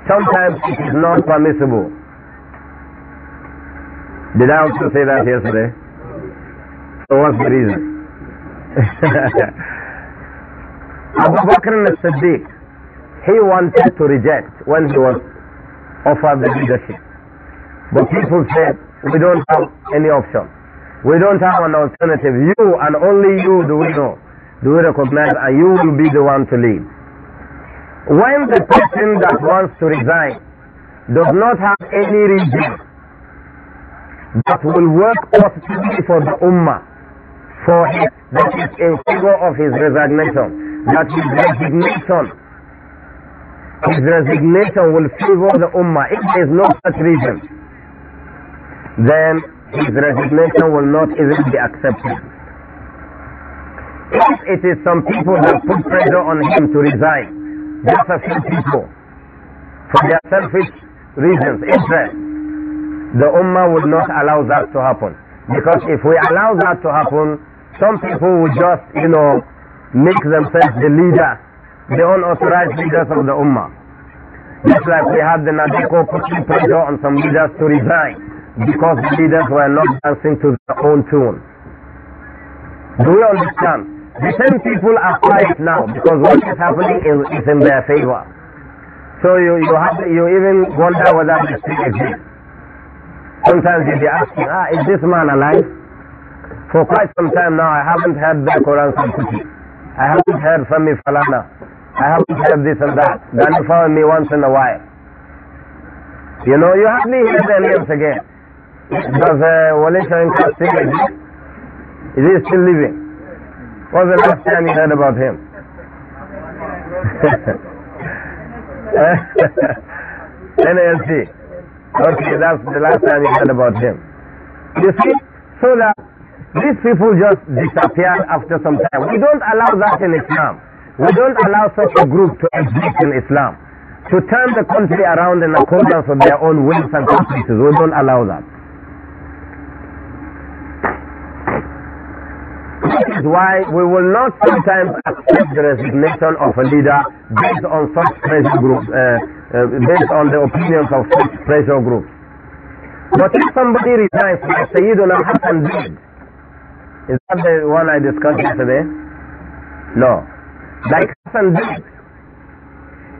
Sometimes it is not permissible. Did I also say that yesterday? So what's the reason? Abu Bakr al siddiq he wanted to reject when he was offered the leadership. But people said, we don't have any option. We don't have an alternative. You and only you do we know, do we recognize, and you will be the one to lead. When the person that wants to resign does not have any reason that will work positively for the Ummah, for his, that is in favor of his resignation, that his resignation, his resignation will favor the Ummah. If there is no such reason, then his resignation will not even be accepted. If it is some people that put pressure on him to resign, just a few people, for their selfish reasons, interest, the Ummah would not allow that to happen. Because if we allow that to happen, some people will just, you know, make themselves the leaders, the unauthorized leaders of the Ummah. Just like we had the Nadiko putting pressure on some leaders to resign because the leaders were not dancing to their own tune. Do you understand? The same people are quiet now because what is happening is, is in their favor. So you, you, have, you even wonder whether this thing exists. Sometimes you'll be asking, ah, is this man alive? For quite some time now I haven't heard the Quran Sanskrit. I haven't heard from me falana. I haven't heard this and that. Done inform me once in a while. You know, you hardly hear their names again. Does uh, Wale Shankar still exist? Is he still living? What was the last time you heard about him? NLC. Okay, that's the last time you heard about him. You see, so that these people just disappear after some time. We don't allow that in Islam. We don't allow such a group to exist in Islam. To turn the country around in accordance with their own wills and caprices, we don't allow that. This is why we will not sometimes accept the resignation of a leader based on such pressure groups, uh, uh, based on the opinions of such pressure groups. But if somebody resigns like not Hassan did, is that the one I discussed yesterday? No. Like Hassan did.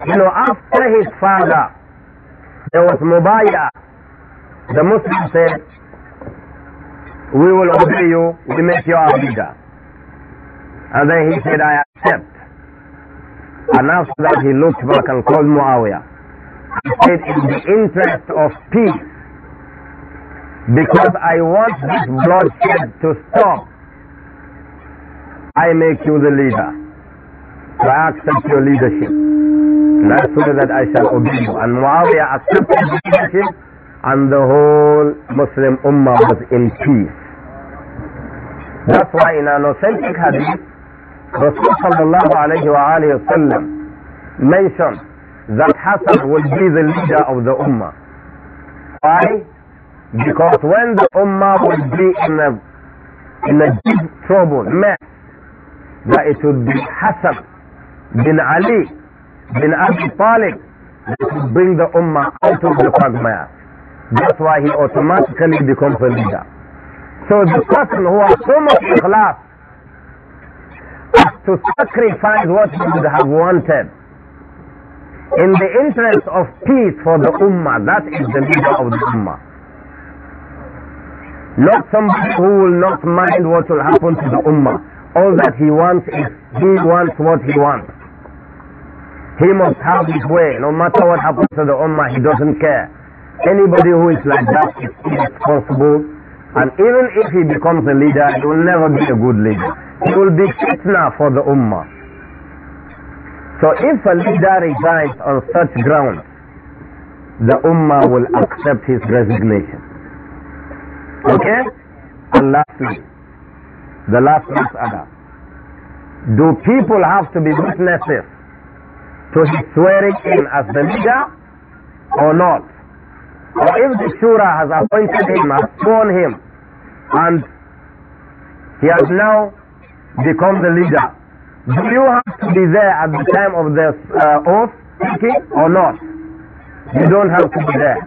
You know, after his father, there was Mubayah. The Muslim said, we will obey you, we make you our leader. And then he said, I accept. And after that he looked back and called Muawiyah. He said, in the interest of peace, because I want this bloodshed to stop. I make you the leader. So I accept your leadership. And soon as that I shall obey you. And Muawiyah accepted the leadership and the whole Muslim Ummah was in peace. That's why in an authentic hadith, Rasul sallallahu alayhi wa alayhi wa mentioned that Hassan will be the leader of the Ummah. Why? Because when the Ummah will be in a, in a deep trouble, mess, that it would be Hassan bin Ali bin Abi Talib that would bring the Ummah out of the quagmire. That's why he automatically becomes a leader. So the person who has so much ikhlas to sacrifice what he would have wanted in the interest of peace for the Ummah, that is the leader of the Ummah not somebody who will not mind what will happen to the ummah all that he wants is he wants what he wants. He must have his way. No matter what happens to the Ummah, he doesn't care. Anybody who is like that is irresponsible. And even if he becomes a leader, he will never be a good leader. He will be fitna for the Ummah. So if a leader resigns on such grounds, the Ummah will accept his resignation. Okay? And lastly, the last mas'ala. Do people have to be witnesses to his swearing in as the leader or not? Or if the shura has appointed him, has sworn him, and he has now become the leader, do you have to be there at the time of the uh, oath taking or not? You don't have to be there.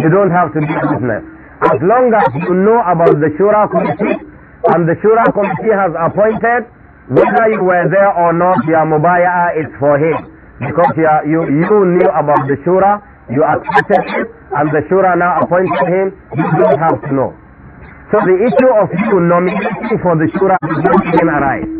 You don't have to be a witness. As long as you know about the shura committee, and the Shura committee has appointed, whether you were there or not, your mubayah is for him. Because you, are, you, you knew about the Shura, you accepted it, and the Shura now appointed him, you don't have to know. So the issue of you nominating for the Shura does not even arise.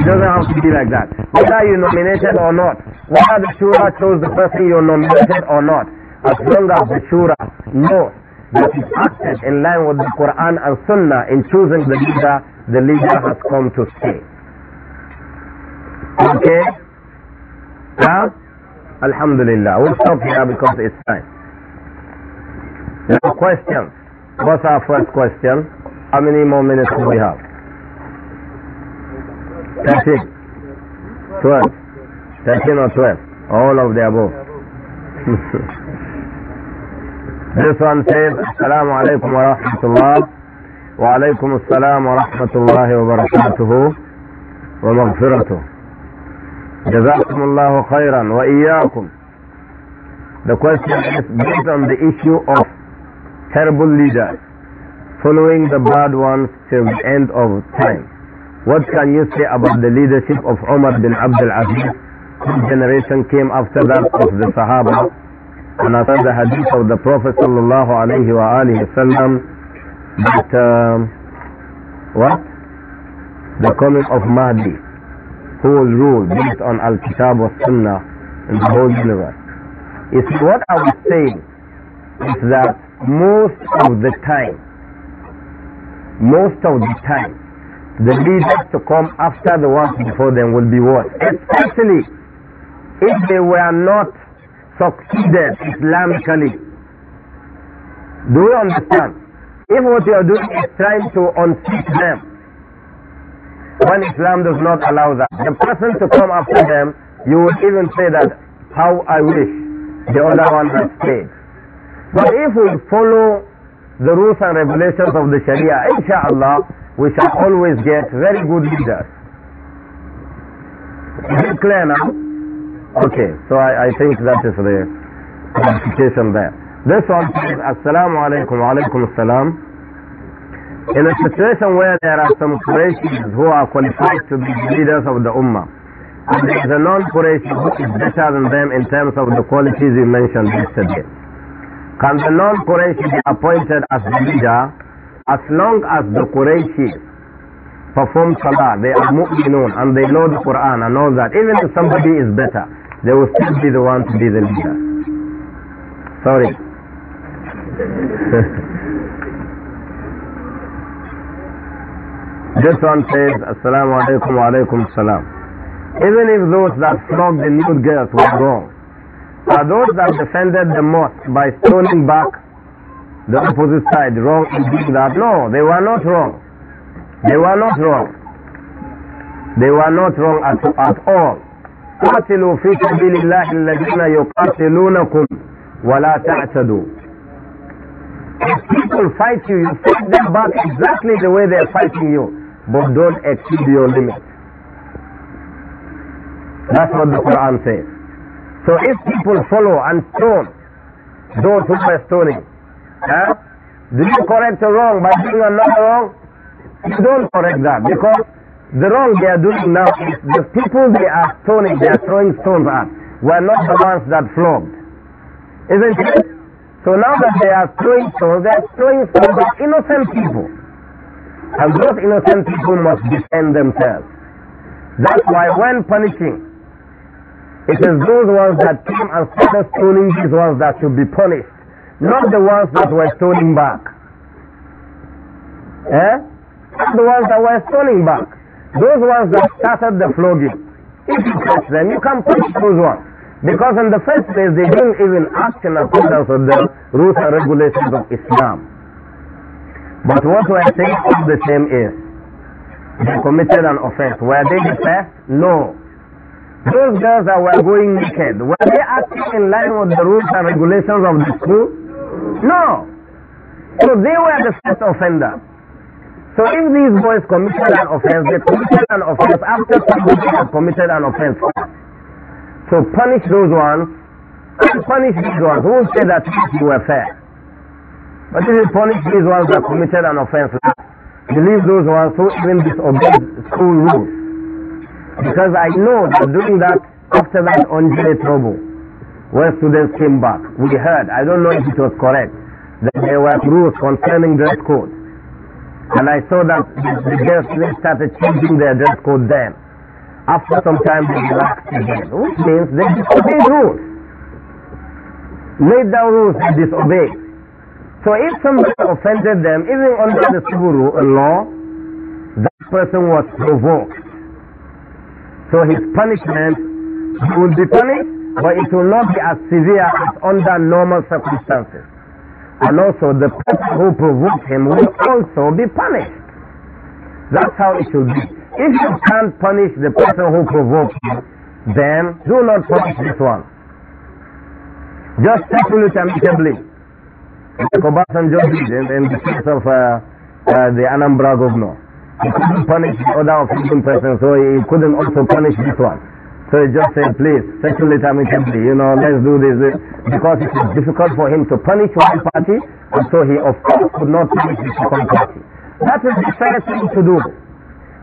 It doesn't have to be like that. Whether you nominated or not, whether the Shura chose the person you nominated or not, as long as the Shura knows that is acted in line with the Quran and Sunnah in choosing the leader, the leader has come to stay. Okay? Now, Alhamdulillah. We'll stop here because it's time. Now questions. What's our first question? How many more minutes do we have? Thirteen. Twelve. Thirteen or twelve. All of the above. This one says, Assalamu alaikum wa rahmatullah. Wa alaikum assalam wa rahmatullahi wa barakatuhu wa maghfiratuh. Jazakumullahu khairan wa iyaakum. The question is based on the issue of terrible leaders following the bad ones till the end of time. What can you say about the leadership of Umar bin Abdul Aziz, whose generation came after that of the Sahaba and I said the hadith of the Prophet sallallahu alayhi wa wasallam that um, what? The coming of Mahdi who will rule based on Al-Kitab wa Sunnah in the whole universe. Is what I was saying is that most of the time, most of the time, the leaders to come after the ones before them will be what? Especially if they were not succeeded Islamically. Do you understand? If what you are doing is trying to unseat them, when Islam does not allow that, the person to come after them, you would even say that, how I wish the other one had stayed. But if we follow the rules and regulations of the Sharia, inshallah, we shall always get very good leaders. Is it clear now? Okay, so I, I think that is the clarification there. This one says, Assalamu alaikum wa alaikum assalam. In a situation where there are some Qurayshis who are qualified to be leaders of the Ummah, and there is a non-Quraysh who is better than them in terms of the qualities we mentioned yesterday, can the non-Quraysh be appointed as the leader as long as the Qurayshis perform salah, they are mu'minun and they know the Quran and all that, even if somebody is better? they will still be the one to be the leader. Sorry. this one says, Assalamu alaikum wa alaikum salam. Even if those that flogged the new girls were wrong, are those that defended the mosque by stoning back the opposite side wrong in doing that? No, they were not wrong. They were not wrong. They were not wrong at, at all. قاتلوا في سبيل الله الذين يقاتلونكم ولا تعتدوا if people fight you, you fight them back exactly the way they are fighting you, but don't exceed your limit. That's what the Quran says. So if people follow and stone those who are stoning, eh? do you correct a wrong by doing another wrong? You don't correct that because the wrong they are doing now is the people they are stoning, they are throwing stones at, were not the ones that flogged. Isn't it? So now that they are throwing stones, they are throwing stones at innocent people. And those innocent people must defend themselves. That's why when punishing, it is those ones that came and started stoning these ones that should be punished, not the ones that were stoning back. Eh? Not the ones that were stoning back. Those ones that started the flogging, if you catch them, you can punish those ones. Because in the first place, they didn't even act in accordance with the rules and regulations of Islam. But what we're saying all the same is, they committed an offense. Were they first? No. Those girls that were going naked, were they acting in line with the rules and regulations of the school? No. So they were the first offender. So if these boys committed an offense, they committed an offense after somebody has committed an offense. So punish those ones, punish these ones who say that you were fair. But if you punish these ones that committed an offense, believe those ones who even disobeyed school rules. Because I know that doing that after that July trouble, when students came back, we heard, I don't know if it was correct, that there were rules concerning dress code. And I saw that the Jews started changing their dress code then. After some time they relaxed again, which means they disobeyed rules. Laid down rules and disobeyed. So if somebody offended them, even under the civil uh, law, that person was provoked. So his punishment would be punished, but it will not be as severe as under normal circumstances and also the person who provoked him will also be punished. That's how it should be. If you can't punish the person who provoked you, then do not punish this one. Just settle it amicably. Like Obasanjo did in, in the case of uh, uh, the Anambra governor. He couldn't punish the other offending person, so he couldn't also punish this one. So he just said, please, settle it amicably, you know, let's do this. Because it is difficult for him to punish one party, and so he, of course, could not punish the second party. That is the fair thing to do.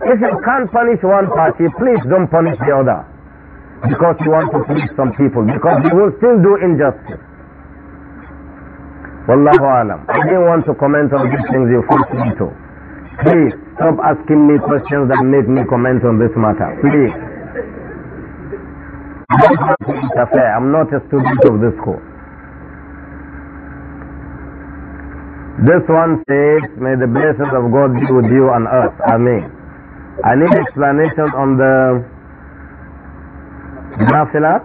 If you can't punish one party, please don't punish the other. Because you want to please some people, because you will still do injustice. Wallahu alam. I didn't want to comment on these things you forced me to. Please, stop asking me questions that make me comment on this matter. Please. I I'm not a student of this school. This one says, May the blessings of God be with you on earth. Amen. I need explanation on the nafilat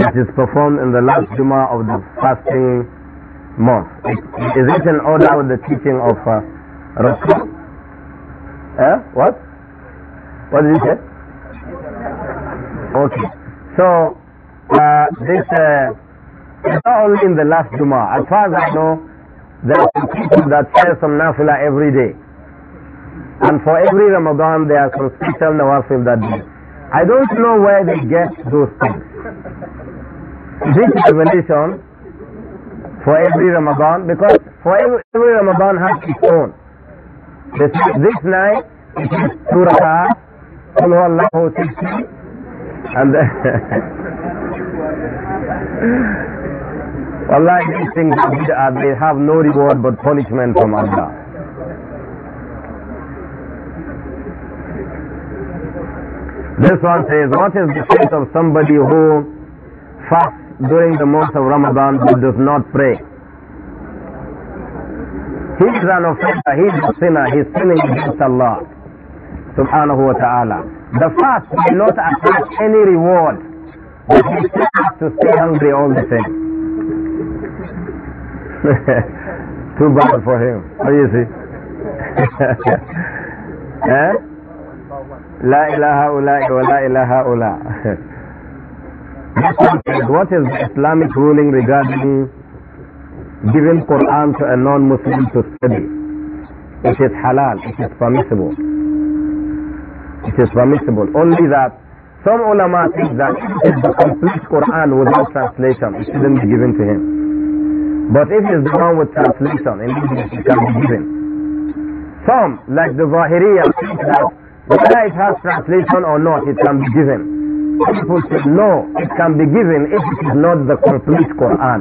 which is performed in the last Juma of the fasting month. Is it in order with the teaching of uh, Rasul? Eh? What? What did you say? Okay. So, uh, this uh, it's not only in the last Juma. As far as I know, there are people that say some nafila every day. And for every Ramadan, there are some special nawafil that I don't know where they get those things. This revelation for every Ramadan, because for every, every Ramadan has its own. This, this night, it is two rakah, and then Allah, these things uh, they have no reward but punishment from Allah. This one says, what is the fate of somebody who fasts during the month of Ramadan but does not pray? He is an offender, he is a sinner, he is sinning against Allah subhanahu wa ta'ala. The fast will not attract any reward, but we still have to stay hungry all the same. Too bad for him. What do you see? eh? La ilaha ula wa la ilaha ula. what is the Islamic ruling regarding giving Quran to a non-Muslim to study? It is halal, it is permissible. It is permissible. Only that some ulama think that it's the complete Quran without translation. It shouldn't be given to him. But if it's the one with translation, it can be given. Some, like the Zahiriya, think that whether it has translation or not, it can be given. People say, no, it can be given if it is not the complete Quran.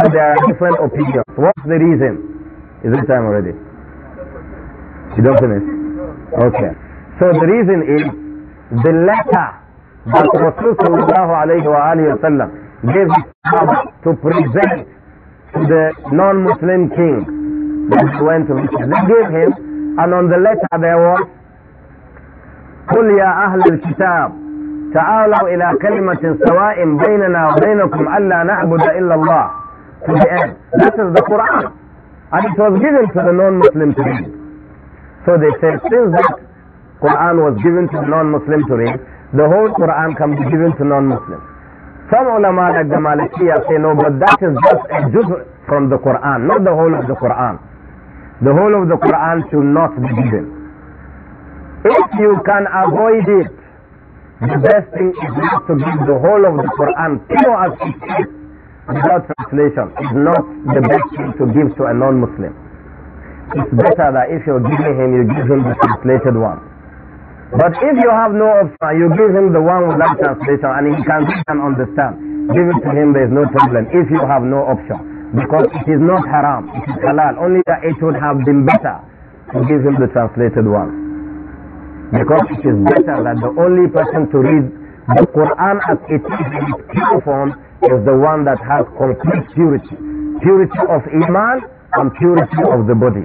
So there are different opinions. What's the reason? Is it time already? You don't finish? Okay. So the reason is the letter that Rasulullah alayhi wa sallam gave to present to the non-Muslim king that went to visit. They gave him and on the letter there was قل يا أهل الكتاب تعالوا إلى كلمة سواء بيننا وبينكم ألا نعبد إلا الله to the end. That is the Quran. And it was given to the non-Muslim people. So they said, since that Quran was given to non-Muslim to read, the whole Quran can be given to non-Muslims. Some ulama like the Malikiya say no, but that is just a juz from the Quran, not the whole of the Quran. The whole of the Quran should not be given. If you can avoid it, the best thing is not to give the whole of the Quran pure as it is without translation. It's not the best thing to give to a non-Muslim it's better that if you're giving him, you give him the translated one. But if you have no option, you give him the one without translation and he can read and understand. Give it to him, there is no problem if you have no option. Because it is not haram, it is halal. Only that it would have been better to give him the translated one. Because it is better that the only person to read the Quran as it is in its pure form is the one that has complete purity. Purity of Iman and purity of the body.